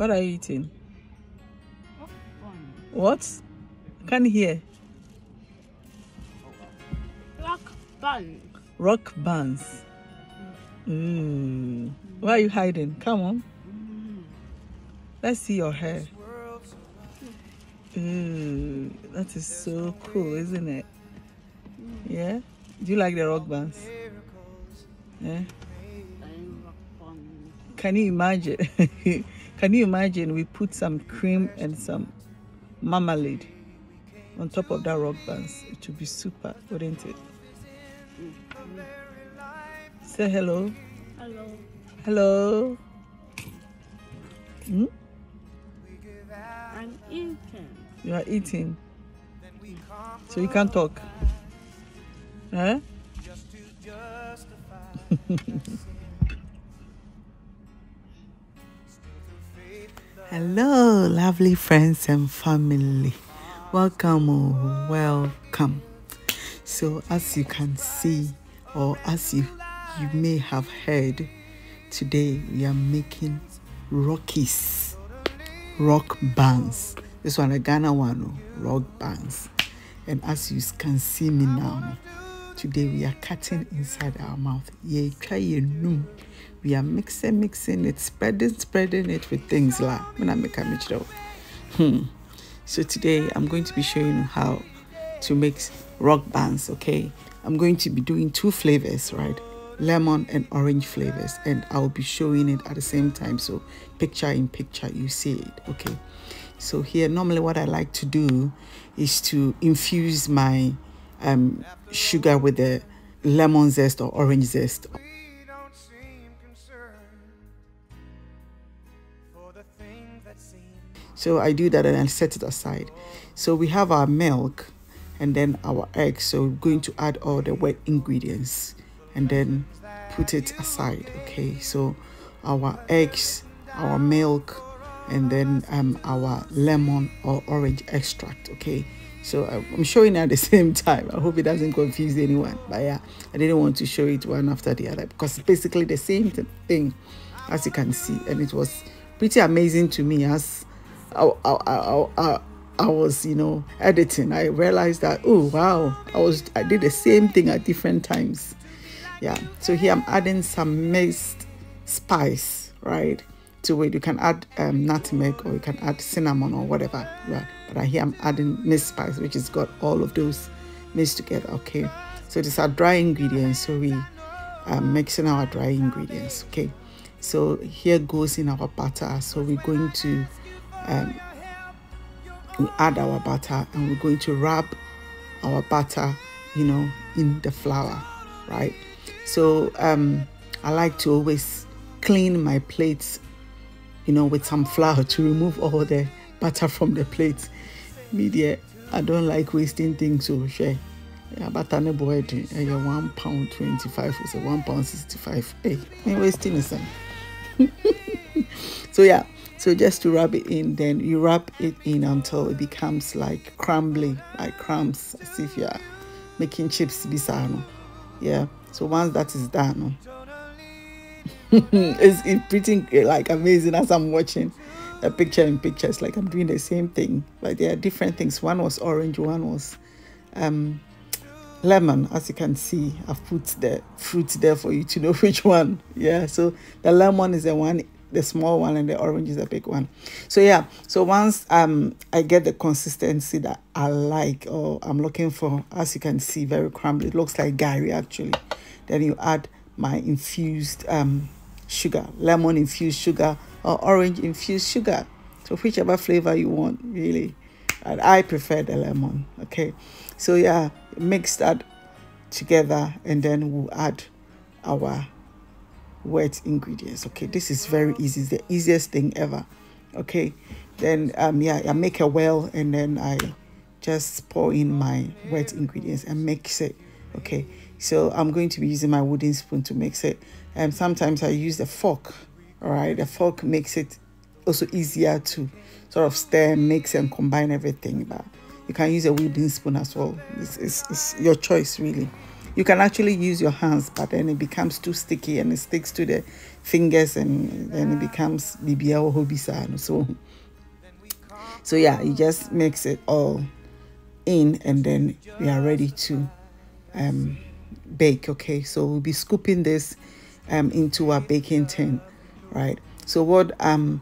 What are you eating? Popcorn. What? can't hear. Rock buns. Rock buns. Mm. Mm. mm. Why are you hiding? Come on. Mm. Let's see your hair. Ooh, that is so cool, isn't it? Yeah? Do you like the rock bands? Yeah? Can you imagine? Can you imagine? We put some cream and some marmalade on top of that rock band. It would be super, wouldn't it? Mm Say hello. Hello. Hello. Hmm? I'm eating. You are eating. So you can't talk. Huh? Hello, lovely friends and family. Welcome, oh, welcome. So, as you can see, or as you, you may have heard, today we are making rockies, rock bands. This one, a Ghana one, oh, rock bands. And as you can see me now, today we are cutting inside our mouth. Yeah, try your noom we are mixing, mixing it, spreading, spreading it with things like. When I make a mixture. Hmm. So today I'm going to be showing you how to make rock bands, okay? I'm going to be doing two flavors, right? Lemon and orange flavors, and I'll be showing it at the same time. So picture in picture, you see it, okay? So here, normally what I like to do is to infuse my um, sugar with the lemon zest or orange zest So I do that and I set it aside. So we have our milk and then our egg. So we're going to add all the wet ingredients and then put it aside. Okay, so our eggs, our milk, and then um, our lemon or orange extract. Okay, so um, I'm showing at the same time. I hope it doesn't confuse anyone. But yeah, I didn't want to show it one after the other because it's basically the same thing as you can see. And it was pretty amazing to me as I, I, I, I, was, you know, editing, I realized that, oh, wow, I was, I did the same thing at different times. Yeah. So here I'm adding some mixed spice, right? To it, you can add um, nutmeg or you can add cinnamon or whatever, right? But here I'm adding mixed spice, which has got all of those mixed together, okay? So these are dry ingredients, so we are um, mixing our dry ingredients, okay? So here goes in our butter. So we're going to and we add our butter and we're going to wrap our butter you know in the flour right so um, i like to always clean my plates you know with some flour to remove all the butter from the plates media i don't like wasting things so oh, share yeah, butter no boy eh, yeah, one pound 25 is a one pound 65 hey eh, am wasting is so yeah so just to rub it in then you wrap it in until it becomes like crumbly like crumbs as if you're making chips bisano yeah so once that is done it's, it's pretty like amazing as i'm watching a picture in pictures like i'm doing the same thing but there are different things one was orange one was um lemon as you can see i've put the fruit there for you to know which one yeah so the lemon is the one the small one and the orange is the big one so yeah so once um i get the consistency that i like or i'm looking for as you can see very crumbly it looks like gary actually then you add my infused um sugar lemon infused sugar or orange infused sugar so whichever flavor you want really and i prefer the lemon okay so yeah mix that together and then we'll add our wet ingredients okay this is very easy it's the easiest thing ever okay then um yeah i make a well and then i just pour in my wet ingredients and mix it okay so i'm going to be using my wooden spoon to mix it and um, sometimes i use the fork all right the fork makes it also easier to sort of stir mix and combine everything but you can use a wooden spoon as well it's, it's, it's your choice really you can actually use your hands but then it becomes too sticky and it sticks to the fingers and then it becomes bibia or hobisa so so yeah you just mix it all in and then we are ready to um, bake okay so we'll be scooping this um, into our baking tin right so what um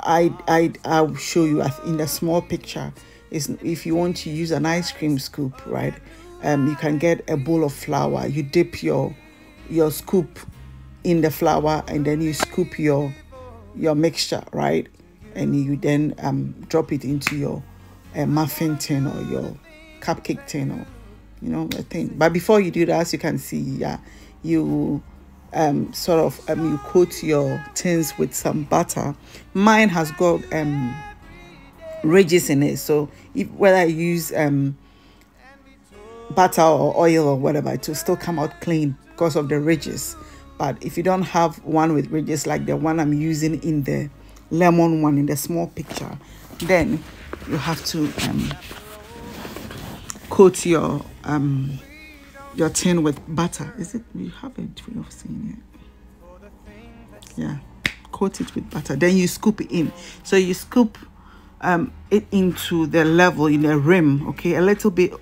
i i i'll show you in the small picture is if you want to use an ice cream scoop right um, you can get a bowl of flour. You dip your your scoop in the flour and then you scoop your your mixture, right? And you then um, drop it into your uh, muffin tin or your cupcake tin or you know a thing. But before you do that, as you can see, yeah, you um, sort of um, you coat your tins with some butter. Mine has got um, ridges in it, so if, whether I use um, butter or oil or whatever to still come out clean because of the ridges but if you don't have one with ridges like the one i'm using in the lemon one in the small picture then you have to um, coat your um, your tin with butter is it you have not seen it yeah coat it with butter then you scoop it in so you scoop um, it into the level in the rim okay a little bit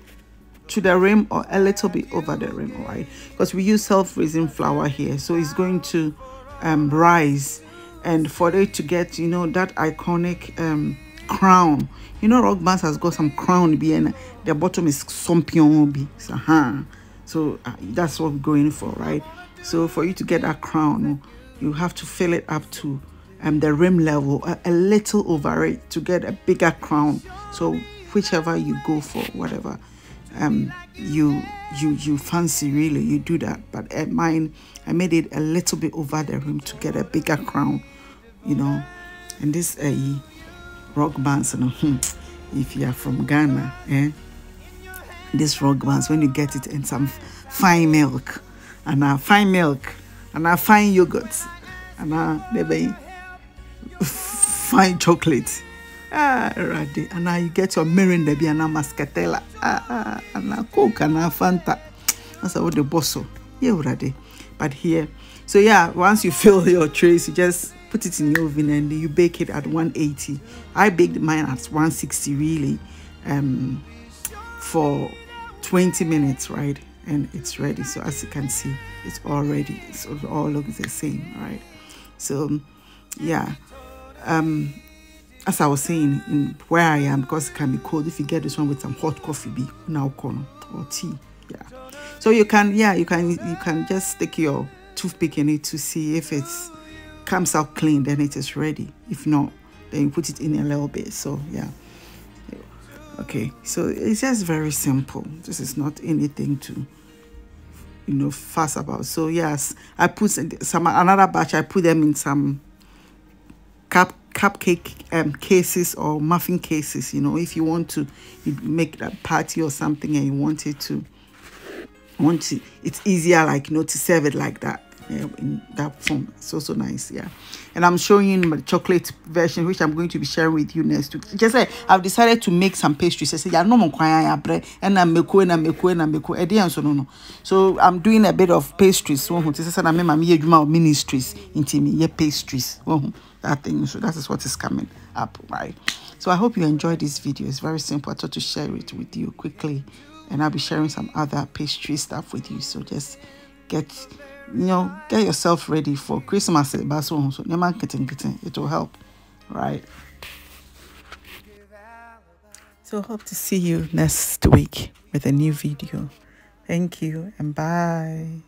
to the rim or a little bit over the rim all right because we use self-raising flour here so it's going to um, rise and for it to get you know that iconic um, crown you know rock bands has got some crown being the bottom is sompion be uh -huh. so uh, that's what we're going for right so for you to get that crown you have to fill it up to um, the rim level a, a little over it to get a bigger crown so whichever you go for whatever um, you you you fancy really you do that but at mine i made it a little bit over the rim to get a bigger crown you know and this uh, rock bands you know, if you are from ghana eh This rock bands when you get it and some fine milk and a fine milk and a fine yogurt and a maybe fine chocolate ah And now you get your merenda bi anaa maskatela ah and ah, anaa coke a fanta That's sɛ wode bɔ so yɛ awurade but here so yeah once you fill your trays you just put it in the oven and you bake it at 180 i baked mine at 160 really um for 20 minutes right and it's ready so as you can see it's all ready so it all looks the same right so yeah um as I was saying, in where I am, because it can be cold, if you get this one with some hot coffee, be now corn or tea. Yeah. So you can, yeah, you can, you can just stick your toothpick in it to see if it comes out clean, then it is ready. If not, then you put it in a little bit. So yeah. Okay. So it's just very simple. This is not anything to you know fuss about so yes i put some another batch i put them in some cup cupcake um, cases or muffin cases you know if you want to make a party or something and you want it to want to it's easier like you know to serve it like that yeah, in that form it's also nice yeah and i'm showing my chocolate version which i'm going to be sharing with you next week just like i've decided to make some pastries i said yeah no and i'm and i'm so no no so i'm doing a bit of pastries so i'm ministries into me pastries that thing. So that is what is coming up, right? So I hope you enjoyed this video. It's very simple. I thought to share it with you quickly. And I'll be sharing some other pastry stuff with you. So just get, you know, get yourself ready for Christmas. So it will help, right? So hope to see you next week with a new video. Thank you and bye.